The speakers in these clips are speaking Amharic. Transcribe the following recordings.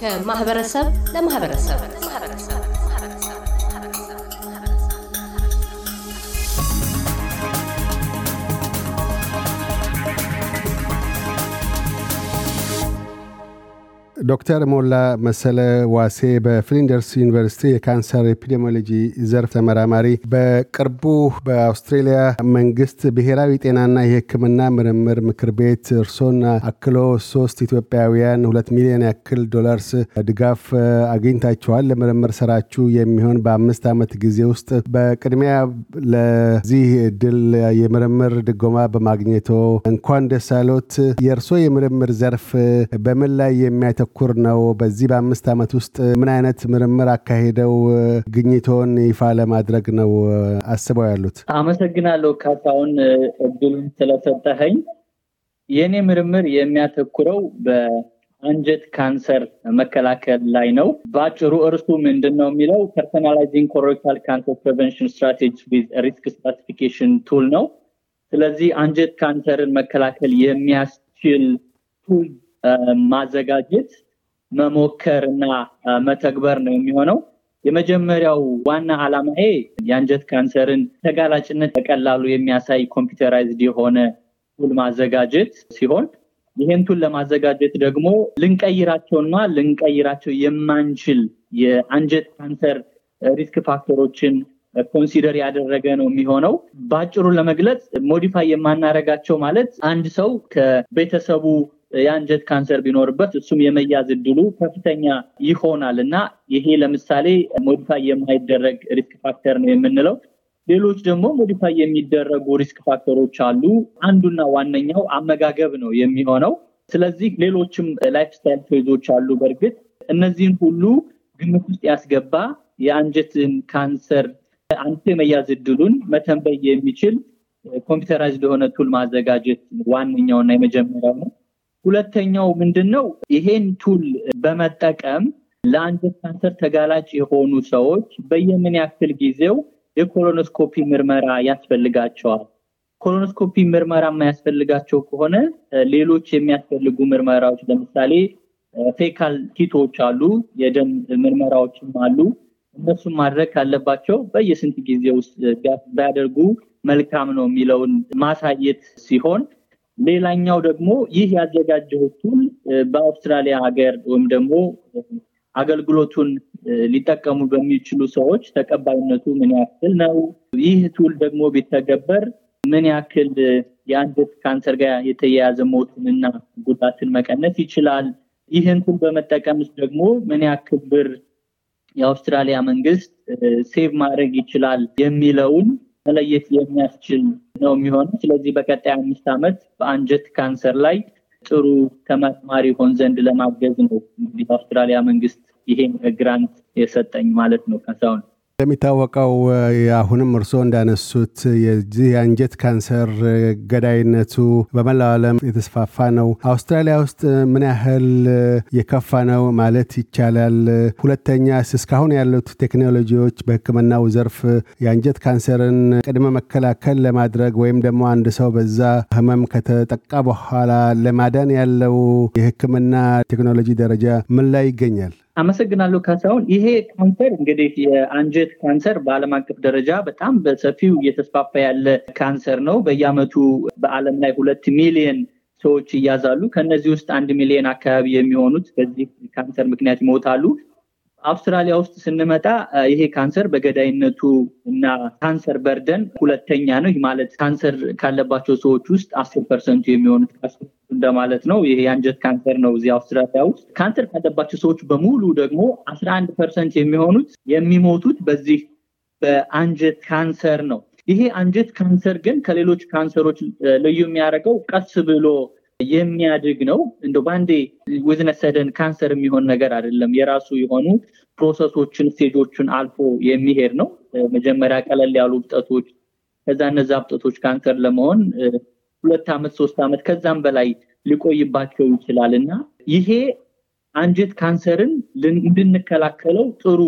ከማህበረሰብ ለማህበረሰብ ዶክተር ሞላ መሰለ ዋሴ በፍሊንደርስ ዩኒቨርሲቲ የካንሰር ኤፒዲሞሎጂ ዘርፍ ተመራማሪ፣ በቅርቡ በአውስትሬሊያ መንግስት ብሔራዊ ጤናና የሕክምና ምርምር ምክር ቤት እርሶን አክሎ ሶስት ኢትዮጵያውያን ሁለት ሚሊዮን ያክል ዶላርስ ድጋፍ አግኝታችኋል ለምርምር ስራችሁ የሚሆን በአምስት ዓመት ጊዜ ውስጥ። በቅድሚያ ለዚህ ድል የምርምር ድጎማ በማግኘቶ እንኳን ደስ አሎት። የእርሶ የምርምር ዘርፍ በምን ላይ የሚያተ ተመኩር ነው። በዚህ በአምስት ዓመት ውስጥ ምን አይነት ምርምር አካሄደው ግኝቶን ይፋ ለማድረግ ነው አስበው ያሉት? አመሰግናለሁ ካሳሁን እድሉን ስለሰጠኸኝ። የእኔ ምርምር የሚያተኩረው በአንጀት ካንሰር መከላከል ላይ ነው። በአጭሩ እርሱ ምንድን ነው የሚለው ፐርሰናላይዚንግ ኮሎሬክታል ካንሰር ፕሬቨንሽን ስትራቴጂ ዊዝ ሪስክ ስታቲፊኬሽን ቱል ነው። ስለዚህ አንጀት ካንሰርን መከላከል የሚያስችል ቱል ማዘጋጀት መሞከር እና መተግበር ነው የሚሆነው። የመጀመሪያው ዋና አላማዬ የአንጀት ካንሰርን ተጋላጭነት በቀላሉ የሚያሳይ ኮምፒውተራይዝድ የሆነ ቱል ማዘጋጀት ሲሆን ይህን ቱል ለማዘጋጀት ደግሞ ልንቀይራቸውና ልንቀይራቸው የማንችል የአንጀት ካንሰር ሪስክ ፋክተሮችን ኮንሲደር ያደረገ ነው የሚሆነው። በአጭሩ ለመግለጽ ሞዲፋይ የማናረጋቸው ማለት አንድ ሰው ከቤተሰቡ የአንጀት ካንሰር ቢኖርበት እሱም የመያዝ እድሉ ከፍተኛ ይሆናል እና ይሄ ለምሳሌ ሞዲፋይ የማይደረግ ሪስክ ፋክተር ነው የምንለው። ሌሎች ደግሞ ሞዲፋይ የሚደረጉ ሪስክ ፋክተሮች አሉ። አንዱና ዋነኛው አመጋገብ ነው የሚሆነው። ስለዚህ ሌሎችም ላይፍ ስታይል ቾይዞች አሉ። በእርግጥ እነዚህን ሁሉ ግምት ውስጥ ያስገባ የአንጀትን ካንሰር አንተ የመያዝ እድሉን መተንበይ የሚችል ኮምፒውተራይዝ የሆነ ቱል ማዘጋጀት ዋነኛውና የመጀመሪያው ነው። ሁለተኛው ምንድን ነው? ይሄን ቱል በመጠቀም ለአንጀት ካንሰር ተጋላጭ የሆኑ ሰዎች በየምን ያክል ጊዜው የኮሎኖስኮፒ ምርመራ ያስፈልጋቸዋል? ኮሎኖስኮፒ ምርመራ የማያስፈልጋቸው ከሆነ ሌሎች የሚያስፈልጉ ምርመራዎች ለምሳሌ ፌካል ኪቶች አሉ፣ የደም ምርመራዎችም አሉ። እነሱን ማድረግ ካለባቸው በየስንት ጊዜ ውስጥ ቢያደርጉ መልካም ነው የሚለውን ማሳየት ሲሆን ሌላኛው ደግሞ ይህ ያዘጋጀሁት ቱል በአውስትራሊያ ሀገር ወይም ደግሞ አገልግሎቱን ሊጠቀሙ በሚችሉ ሰዎች ተቀባይነቱ ምን ያክል ነው? ይህ ቱል ደግሞ ቢተገበር ምን ያክል የአንድት ካንሰር ጋር የተያያዘ ሞትንና ጉዳትን መቀነስ ይችላል? ይህን ቱል በመጠቀምስ ደግሞ ምን ያክል ብር የአውስትራሊያ መንግስት ሴቭ ማድረግ ይችላል የሚለውን መለየት የሚያስችል ነው የሚሆነው። ስለዚህ በቀጣይ አምስት ዓመት በአንጀት ካንሰር ላይ ጥሩ ተመራማሪ ሆን ዘንድ ለማገዝ ነው እንግዲህ አውስትራሊያ መንግስት ይሄን ግራንት የሰጠኝ ማለት ነው። ከሳሁን እንደሚታወቀው አሁንም እርስዎ እንዳነሱት የዚህ የአንጀት ካንሰር ገዳይነቱ በመላው ዓለም የተስፋፋ ነው። አውስትራሊያ ውስጥ ምን ያህል የከፋ ነው ማለት ይቻላል? ሁለተኛ እስካሁን ያሉት ቴክኖሎጂዎች በሕክምናው ዘርፍ የአንጀት ካንሰርን ቅድመ መከላከል ለማድረግ ወይም ደግሞ አንድ ሰው በዛ ህመም ከተጠቃ በኋላ ለማዳን ያለው የሕክምና ቴክኖሎጂ ደረጃ ምን ላይ ይገኛል? አመሰግናለሁ ካሳሁን። ይሄ ካንሰር እንግዲህ የአንጀት ካንሰር በአለም አቀፍ ደረጃ በጣም በሰፊው እየተስፋፋ ያለ ካንሰር ነው። በየአመቱ በአለም ላይ ሁለት ሚሊየን ሰዎች ይያዛሉ። ከነዚህ ውስጥ አንድ ሚሊየን አካባቢ የሚሆኑት በዚህ ካንሰር ምክንያት ይሞታሉ። አውስትራሊያ ውስጥ ስንመጣ ይሄ ካንሰር በገዳይነቱ እና ካንሰር በርደን ሁለተኛ ነው። ማለት ካንሰር ካለባቸው ሰዎች ውስጥ አስር ፐርሰንቱ የሚሆኑት እንደማለት ነው። ይሄ የአንጀት ካንሰር ነው እዚህ አውስትራሊያ ውስጥ። ካንሰር ካለባቸው ሰዎች በሙሉ ደግሞ አስራ አንድ ፐርሰንት የሚሆኑት የሚሞቱት በዚህ በአንጀት ካንሰር ነው። ይሄ አንጀት ካንሰር ግን ከሌሎች ካንሰሮች ልዩ የሚያደርገው ቀስ ብሎ የሚያድግ ነው። እንደ በአንዴ ወዝነሰደን ካንሰር የሚሆን ነገር አይደለም። የራሱ የሆኑ ፕሮሰሶችን፣ ስቴጆችን አልፎ የሚሄድ ነው። መጀመሪያ ቀለል ያሉ ብጠቶች ከዛ እነዚ ብጠቶች ካንሰር ለመሆን ሁለት ዓመት ሶስት ዓመት ከዛም በላይ ሊቆይባቸው ይችላል እና ይሄ አንጀት ካንሰርን እንድንከላከለው ጥሩ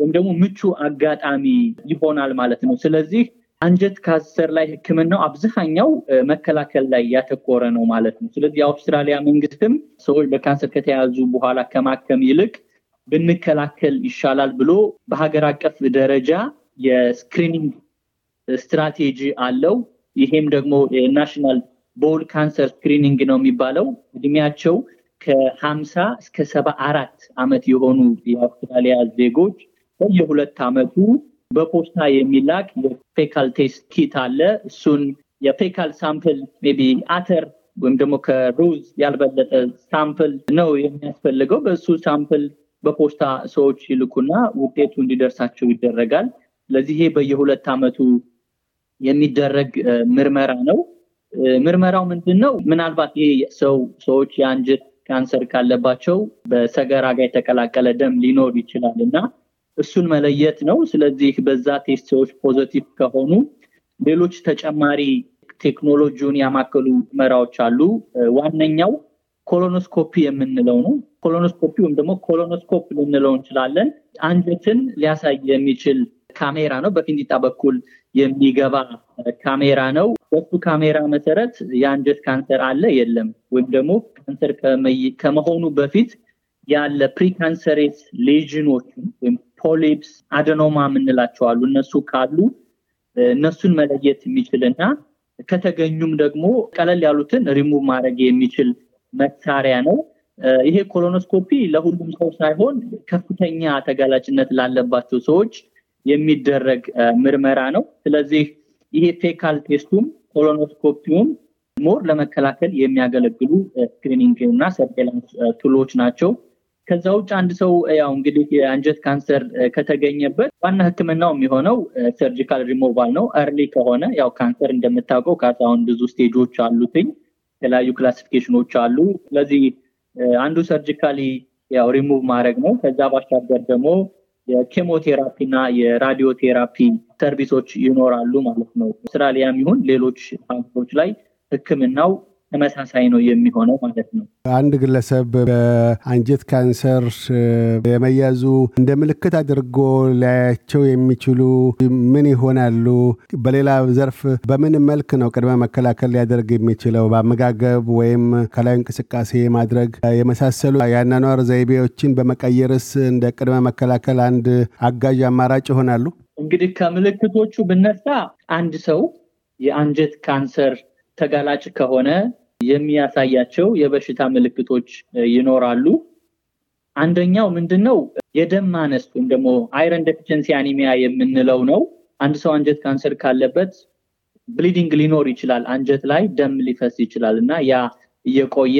ወይም ደግሞ ምቹ አጋጣሚ ይሆናል ማለት ነው ስለዚህ አንጀት ካንሰር ላይ ህክምናው አብዛኛው መከላከል ላይ ያተኮረ ነው ማለት ነው ስለዚህ የአውስትራሊያ መንግስትም ሰዎች በካንሰር ከተያዙ በኋላ ከማከም ይልቅ ብንከላከል ይሻላል ብሎ በሀገር አቀፍ ደረጃ የስክሪኒንግ ስትራቴጂ አለው ይሄም ደግሞ ናሽናል ቦል ካንሰር ስክሪኒንግ ነው የሚባለው እድሜያቸው ከሀምሳ እስከ ሰባ አራት ዓመት የሆኑ የአውስትራሊያ ዜጎች በየሁለት ዓመቱ በፖስታ የሚላክ የፌካል ቴስት ኪት አለ። እሱን የፌካል ሳምፕል ቢ አተር ወይም ደግሞ ከሩዝ ያልበለጠ ሳምፕል ነው የሚያስፈልገው። በእሱ ሳምፕል በፖስታ ሰዎች ይልኩና ውጤቱ እንዲደርሳቸው ይደረጋል። ስለዚህ ይሄ በየሁለት ዓመቱ የሚደረግ ምርመራ ነው። ምርመራው ምንድን ነው? ምናልባት ሰው ሰዎች የአንጀት ካንሰር ካለባቸው በሰገራ ጋር የተቀላቀለ ደም ሊኖር ይችላል እና እሱን መለየት ነው። ስለዚህ በዛ ቴስት ሰዎች ፖዘቲቭ ከሆኑ ሌሎች ተጨማሪ ቴክኖሎጂውን ያማከሉ ምርመራዎች አሉ። ዋነኛው ኮሎኖስኮፒ የምንለው ነው። ኮሎኖስኮፒ ወይም ደግሞ ኮሎኖስኮፕ ልንለው እንችላለን። አንጀትን ሊያሳይ የሚችል ካሜራ ነው። በፊንዲጣ በኩል የሚገባ ካሜራ ነው። በሱ ካሜራ መሰረት የአንጀት ካንሰር አለ የለም፣ ወይም ደግሞ ካንሰር ከመሆኑ በፊት ያለ ፕሪካንሰሬት ሌዥኖች ወይም ፖሊፕስ፣ አደኖማ የምንላቸው አሉ። እነሱ ካሉ እነሱን መለየት የሚችል እና ከተገኙም ደግሞ ቀለል ያሉትን ሪሙቭ ማድረግ የሚችል መሳሪያ ነው። ይሄ ኮሎኖስኮፒ ለሁሉም ሰው ሳይሆን ከፍተኛ ተጋላጭነት ላለባቸው ሰዎች የሚደረግ ምርመራ ነው። ስለዚህ ይሄ ፌካል ቴስቱም ኮሎኖስኮፒውም ሞር ለመከላከል የሚያገለግሉ ስክሪኒንግ እና ሰርቬላንስ ቱሎች ናቸው። ከዛ ውጭ አንድ ሰው ያው እንግዲህ የአንጀት ካንሰር ከተገኘበት ዋና ህክምናው የሚሆነው ሰርጂካል ሪሞቫል ነው። እርሊ ከሆነ ያው ካንሰር እንደምታውቀው ከአሁን ብዙ ስቴጆች አሉትኝ የተለያዩ ክላሲፊኬሽኖች አሉ። ስለዚህ አንዱ ሰርጂካሊ ያው ሪሙቭ ማድረግ ነው። ከዛ ባሻገር ደግሞ የኬሞቴራፒና የራዲዮቴራፒ ሰርቪሶች ይኖራሉ ማለት ነው። አውስትራሊያም ይሁን ሌሎች ካምፖች ላይ ህክምናው ተመሳሳይ ነው የሚሆነው ማለት ነው። አንድ ግለሰብ በአንጀት ካንሰር የመያዙ እንደ ምልክት አድርጎ ሊያያቸው የሚችሉ ምን ይሆናሉ? በሌላ ዘርፍ በምን መልክ ነው ቅድመ መከላከል ሊያደርግ የሚችለው? በአመጋገብ ወይም ከላይ እንቅስቃሴ ማድረግ የመሳሰሉ የአኗኗር ዘይቤዎችን በመቀየርስ እንደ ቅድመ መከላከል አንድ አጋዥ አማራጭ ይሆናሉ? እንግዲህ ከምልክቶቹ ብነሳ አንድ ሰው የአንጀት ካንሰር ተጋላጭ ከሆነ የሚያሳያቸው የበሽታ ምልክቶች ይኖራሉ። አንደኛው ምንድነው? የደም ማነስ ወይም ደግሞ አይረን ዴፊሸንሲ አኒሚያ የምንለው ነው። አንድ ሰው አንጀት ካንሰር ካለበት ብሊዲንግ ሊኖር ይችላል። አንጀት ላይ ደም ሊፈስ ይችላል እና ያ እየቆየ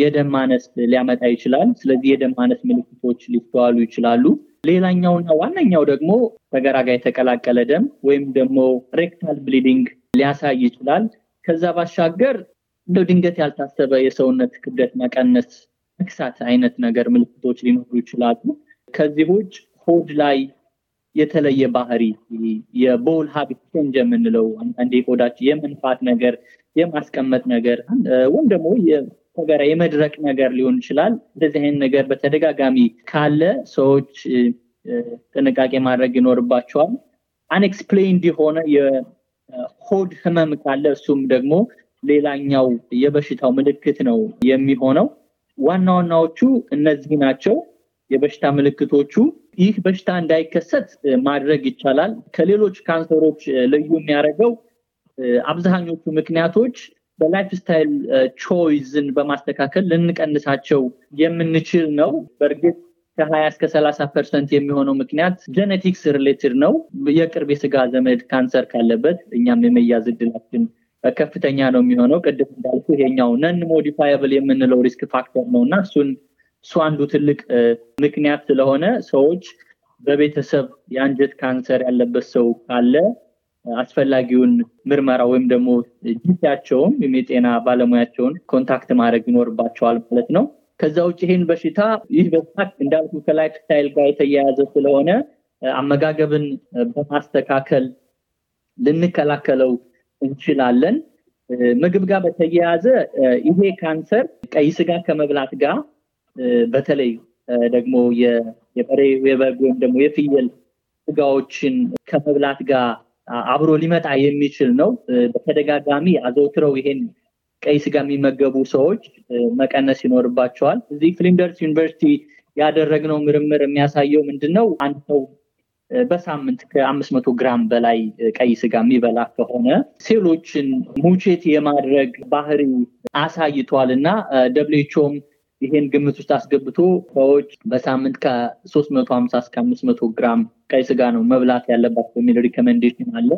የደም ማነስ ሊያመጣ ይችላል። ስለዚህ የደም ማነስ ምልክቶች ሊስተዋሉ ይችላሉ። ሌላኛውና ዋነኛው ደግሞ ከገራ ጋር የተቀላቀለ ደም ወይም ደግሞ ሬክታል ብሊዲንግ ሊያሳይ ይችላል። ከዛ ባሻገር እንደው ድንገት ያልታሰበ የሰውነት ክብደት መቀነስ፣ መክሳት አይነት ነገር ምልክቶች ሊኖሩ ይችላሉ። ከዚህ ውጭ ሆድ ላይ የተለየ ባህሪ የቦል ሀቢት ቼንጅ የምንለው አንዳንዴ ሆዳች የመንፋት ነገር፣ የማስቀመጥ ነገር ወይም ደግሞ ተገራ የመድረቅ ነገር ሊሆን ይችላል። እንደዚህ አይነት ነገር በተደጋጋሚ ካለ ሰዎች ጥንቃቄ ማድረግ ይኖርባቸዋል። አንኤክስፕሌንድ የሆነ የሆድ ህመም ካለ እሱም ደግሞ ሌላኛው የበሽታው ምልክት ነው የሚሆነው ዋና ዋናዎቹ እነዚህ ናቸው የበሽታ ምልክቶቹ ይህ በሽታ እንዳይከሰት ማድረግ ይቻላል ከሌሎች ካንሰሮች ልዩ የሚያደርገው አብዛኞቹ ምክንያቶች በላይፍ ስታይል ቾይዝን በማስተካከል ልንቀንሳቸው የምንችል ነው በእርግጥ ከ20 እስከ 30 ፐርሰንት የሚሆነው ምክንያት ጀኔቲክስ ሪሌትድ ነው የቅርብ የስጋ ዘመድ ካንሰር ካለበት እኛም የመያዝ እድላችን ከፍተኛ ነው የሚሆነው። ቅድም እንዳልኩ ይሄኛው ነን ሞዲፋየብል የምንለው ሪስክ ፋክተር ነው እና እሱን እሱ አንዱ ትልቅ ምክንያት ስለሆነ ሰዎች በቤተሰብ የአንጀት ካንሰር ያለበት ሰው ካለ አስፈላጊውን ምርመራ ወይም ደግሞ ወይም የጤና ባለሙያቸውን ኮንታክት ማድረግ ይኖርባቸዋል ማለት ነው። ከዛ ውጭ ይህን በሽታ ይህ በሽታ እንዳልኩ ከላይፍ ስታይል ጋር የተያያዘ ስለሆነ አመጋገብን በማስተካከል ልንከላከለው እንችላለን። ምግብ ጋር በተያያዘ ይሄ ካንሰር ቀይ ስጋ ከመብላት ጋር በተለይ ደግሞ የበሬ የበግ ወይም ደግሞ የፍየል ስጋዎችን ከመብላት ጋር አብሮ ሊመጣ የሚችል ነው። በተደጋጋሚ አዘውትረው ይሄን ቀይ ስጋ የሚመገቡ ሰዎች መቀነስ ይኖርባቸዋል። እዚህ ፍሊንደርስ ዩኒቨርሲቲ ያደረግነው ምርምር የሚያሳየው ምንድን ነው አንድ ሰው በሳምንት ከአምስት መቶ ግራም በላይ ቀይ ስጋ የሚበላ ከሆነ ሴሎችን ሙቼት የማድረግ ባህሪ አሳይቷል እና ደብሌቾም ይሄን ግምት ውስጥ አስገብቶ ሰዎች በሳምንት ከ350 እስከ 500 ግራም ቀይ ስጋ ነው መብላት ያለባቸው የሚል ሪኮመንዴሽን አለ።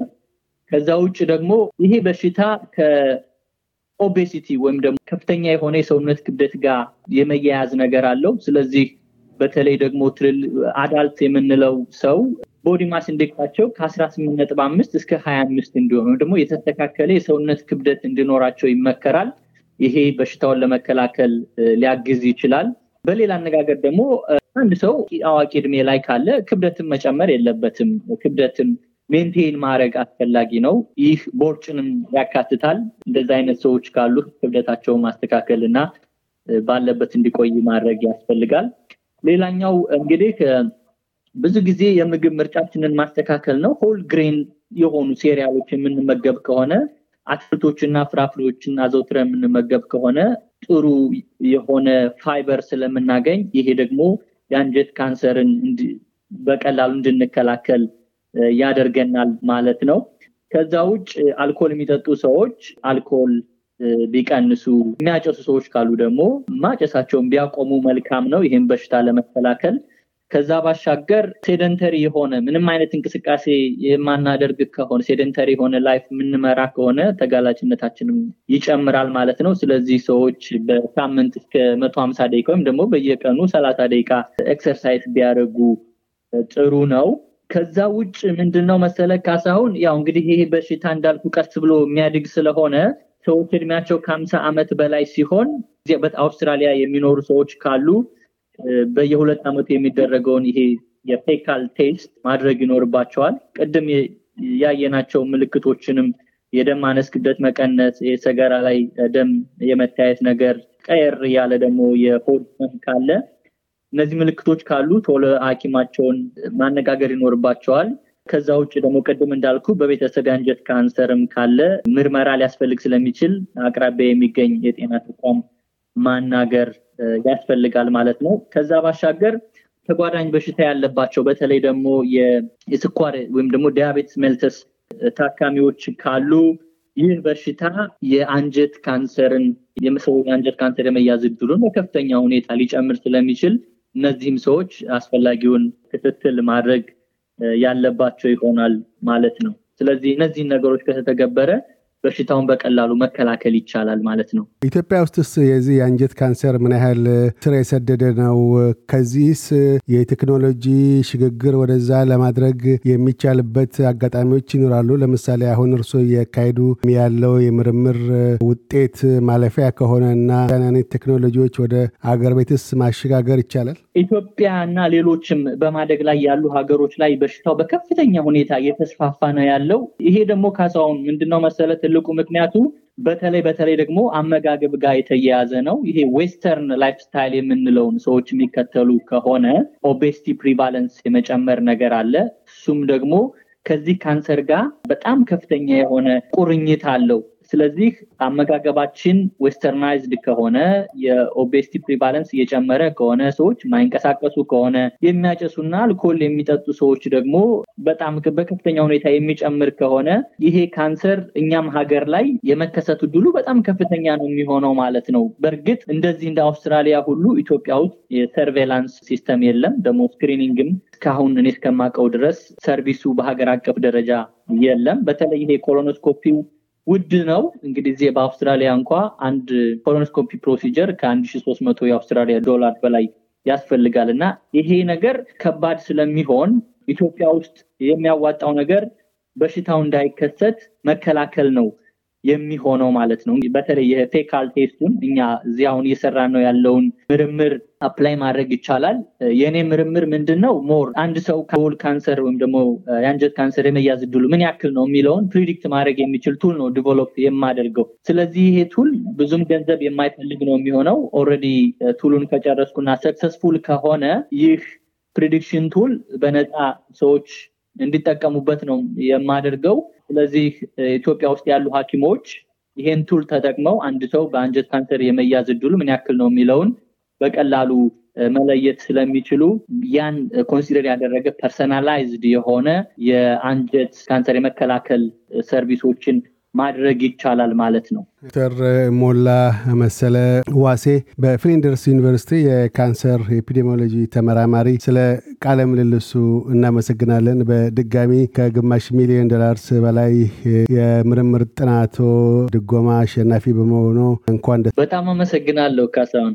ከዛ ውጭ ደግሞ ይሄ በሽታ ከኦቤሲቲ ወይም ደግሞ ከፍተኛ የሆነ የሰውነት ክብደት ጋር የመያያዝ ነገር አለው። ስለዚህ በተለይ ደግሞ ትልል አዳልት የምንለው ሰው ቦዲ ማስ ኢንዴክሳቸው ከ18 ነጥብ አምስት እስከ 25 እንዲሆኑ ደግሞ የተስተካከለ የሰውነት ክብደት እንዲኖራቸው ይመከራል። ይሄ በሽታውን ለመከላከል ሊያግዝ ይችላል። በሌላ አነጋገር ደግሞ አንድ ሰው አዋቂ እድሜ ላይ ካለ ክብደትን መጨመር የለበትም። ክብደትን ሜንቴን ማድረግ አስፈላጊ ነው። ይህ ቦርጭንም ያካትታል። እንደዚ አይነት ሰዎች ካሉ ክብደታቸውን ማስተካከል እና ባለበት እንዲቆይ ማድረግ ያስፈልጋል። ሌላኛው እንግዲህ ብዙ ጊዜ የምግብ ምርጫችንን ማስተካከል ነው ሆል ግሬን የሆኑ ሴሪያሎች የምንመገብ ከሆነ አትክልቶችና ፍራፍሬዎችን አዘውትረ የምንመገብ ከሆነ ጥሩ የሆነ ፋይበር ስለምናገኝ ይሄ ደግሞ የአንጀት ካንሰርን በቀላሉ እንድንከላከል ያደርገናል ማለት ነው ከዛ ውጭ አልኮል የሚጠጡ ሰዎች አልኮል ቢቀንሱ የሚያጨሱ ሰዎች ካሉ ደግሞ ማጨሳቸውን ቢያቆሙ መልካም ነው ይህም በሽታ ለመከላከል ከዛ ባሻገር ሴደንተሪ የሆነ ምንም አይነት እንቅስቃሴ የማናደርግ ከሆነ ሴደንተሪ የሆነ ላይፍ የምንመራ ከሆነ ተጋላጭነታችንም ይጨምራል ማለት ነው ስለዚህ ሰዎች በሳምንት እስከ መቶ ሀምሳ ደቂቃ ወይም ደግሞ በየቀኑ ሰላሳ ደቂቃ ኤክሰርሳይዝ ቢያደርጉ ጥሩ ነው ከዛ ውጭ ምንድነው መሰለ ካሳሁን ያው እንግዲህ ይሄ በሽታ እንዳልኩ ቀስ ብሎ የሚያድግ ስለሆነ ሰዎች እድሜያቸው ከአምሳ ዓመት በላይ ሲሆን አውስትራሊያ የሚኖሩ ሰዎች ካሉ በየሁለት ዓመቱ የሚደረገውን ይሄ የፔካል ቴስት ማድረግ ይኖርባቸዋል። ቅድም ያየናቸው ምልክቶችንም የደም ማነስ፣ ክብደት መቀነስ፣ የሰገራ ላይ ደም የመታየት ነገር፣ ቀየር ያለ ደግሞ የሆድ ካለ እነዚህ ምልክቶች ካሉ ቶሎ ሀኪማቸውን ማነጋገር ይኖርባቸዋል። ከዛ ውጭ ደግሞ ቅድም እንዳልኩ በቤተሰብ የአንጀት ካንሰርም ካለ ምርመራ ሊያስፈልግ ስለሚችል አቅራቢያ የሚገኝ የጤና ተቋም ማናገር ያስፈልጋል ማለት ነው። ከዛ ባሻገር ተጓዳኝ በሽታ ያለባቸው በተለይ ደግሞ የስኳር ወይም ደግሞ ዲያቤትስ ሜልተስ ታካሚዎች ካሉ ይህ በሽታ የአንጀት ካንሰርን የሰው የአንጀት ካንሰር የመያዝ እድሉን በከፍተኛ ሁኔታ ሊጨምር ስለሚችል እነዚህም ሰዎች አስፈላጊውን ክትትል ማድረግ ያለባቸው ይሆናል ማለት ነው። ስለዚህ እነዚህን ነገሮች ከተተገበረ በሽታውን በቀላሉ መከላከል ይቻላል ማለት ነው። ኢትዮጵያ ውስጥስ የዚህ የአንጀት ካንሰር ምን ያህል ስር የሰደደ ነው? ከዚህስ የቴክኖሎጂ ሽግግር ወደዛ ለማድረግ የሚቻልበት አጋጣሚዎች ይኖራሉ? ለምሳሌ አሁን እርሶ የካሄዱ ያለው የምርምር ውጤት ማለፊያ ከሆነ እና ቴክኖሎጂዎች ወደ አገር ቤትስ ማሸጋገር ይቻላል? ኢትዮጵያ እና ሌሎችም በማደግ ላይ ያሉ ሀገሮች ላይ በሽታው በከፍተኛ ሁኔታ እየተስፋፋ ነው ያለው። ይሄ ደግሞ ካሳሁን ምንድነው መሰለ ትልቁ ምክንያቱ በተለይ በተለይ ደግሞ አመጋገብ ጋር የተያያዘ ነው። ይሄ ዌስተርን ላይፍ ስታይል የምንለውን ሰዎች የሚከተሉ ከሆነ ኦቤስቲ ፕሪቫለንስ የመጨመር ነገር አለ። እሱም ደግሞ ከዚህ ካንሰር ጋር በጣም ከፍተኛ የሆነ ቁርኝት አለው። ስለዚህ አመጋገባችን ዌስተርናይዝድ ከሆነ የኦቤስቲ ፕሪቫለንስ እየጨመረ ከሆነ ሰዎች ማይንቀሳቀሱ ከሆነ የሚያጨሱና አልኮል የሚጠጡ ሰዎች ደግሞ በጣም በከፍተኛ ሁኔታ የሚጨምር ከሆነ ይሄ ካንሰር እኛም ሀገር ላይ የመከሰቱ ድሉ በጣም ከፍተኛ ነው የሚሆነው ማለት ነው። በእርግጥ እንደዚህ እንደ አውስትራሊያ ሁሉ ኢትዮጵያ ውስጥ የሰርቬላንስ ሲስተም የለም። ደግሞ ስክሪኒንግም እስካሁን እኔ እስከማቀው ድረስ ሰርቪሱ በሀገር አቀፍ ደረጃ የለም። በተለይ ይሄ ኮሎኖስኮፒው ውድ ነው። እንግዲህ እዚህ በአውስትራሊያ እንኳ አንድ ኮሎኖስኮፒ ፕሮሲጀር ከ1300 የአውስትራሊያ ዶላር በላይ ያስፈልጋል እና ይሄ ነገር ከባድ ስለሚሆን ኢትዮጵያ ውስጥ የሚያዋጣው ነገር በሽታው እንዳይከሰት መከላከል ነው። የሚሆነው ማለት ነው። በተለይ የፌካል ቴስቱን እኛ እዚህ አሁን እየሰራን ነው ያለውን ምርምር አፕላይ ማድረግ ይቻላል። የእኔ ምርምር ምንድን ነው ሞር አንድ ሰው ከቦል ካንሰር ወይም ደግሞ የአንጀት ካንሰር የመያዝ እድሉ ምን ያክል ነው የሚለውን ፕሪዲክት ማድረግ የሚችል ቱል ነው ዲቨሎፕ የማደርገው። ስለዚህ ይሄ ቱል ብዙም ገንዘብ የማይፈልግ ነው የሚሆነው። ኦልሬዲ ቱሉን ከጨረስኩና ሰክሰስፉል ከሆነ ይህ ፕሪዲክሽን ቱል በነፃ ሰዎች እንዲጠቀሙበት ነው የማደርገው። ስለዚህ ኢትዮጵያ ውስጥ ያሉ ሀኪሞች ይሄን ቱል ተጠቅመው አንድ ሰው በአንጀት ካንሰር የመያዝ እድሉ ምን ያክል ነው የሚለውን በቀላሉ መለየት ስለሚችሉ ያን ኮንሲደር ያደረገ ፐርሰናላይዝድ የሆነ የአንጀት ካንሰር የመከላከል ሰርቪሶችን ማድረግ ይቻላል ማለት ነው። ዶክተር ሞላ መሰለ ዋሴ በፍሊንደርስ ዩኒቨርሲቲ የካንሰር ኤፒዴሚዮሎጂ ተመራማሪ፣ ስለ ቃለ ምልልሱ እናመሰግናለን። በድጋሚ ከግማሽ ሚሊዮን ዶላርስ በላይ የምርምር ጥናቶ ድጎማ አሸናፊ በመሆኑ እንኳን በጣም አመሰግናለሁ ካሳሁን።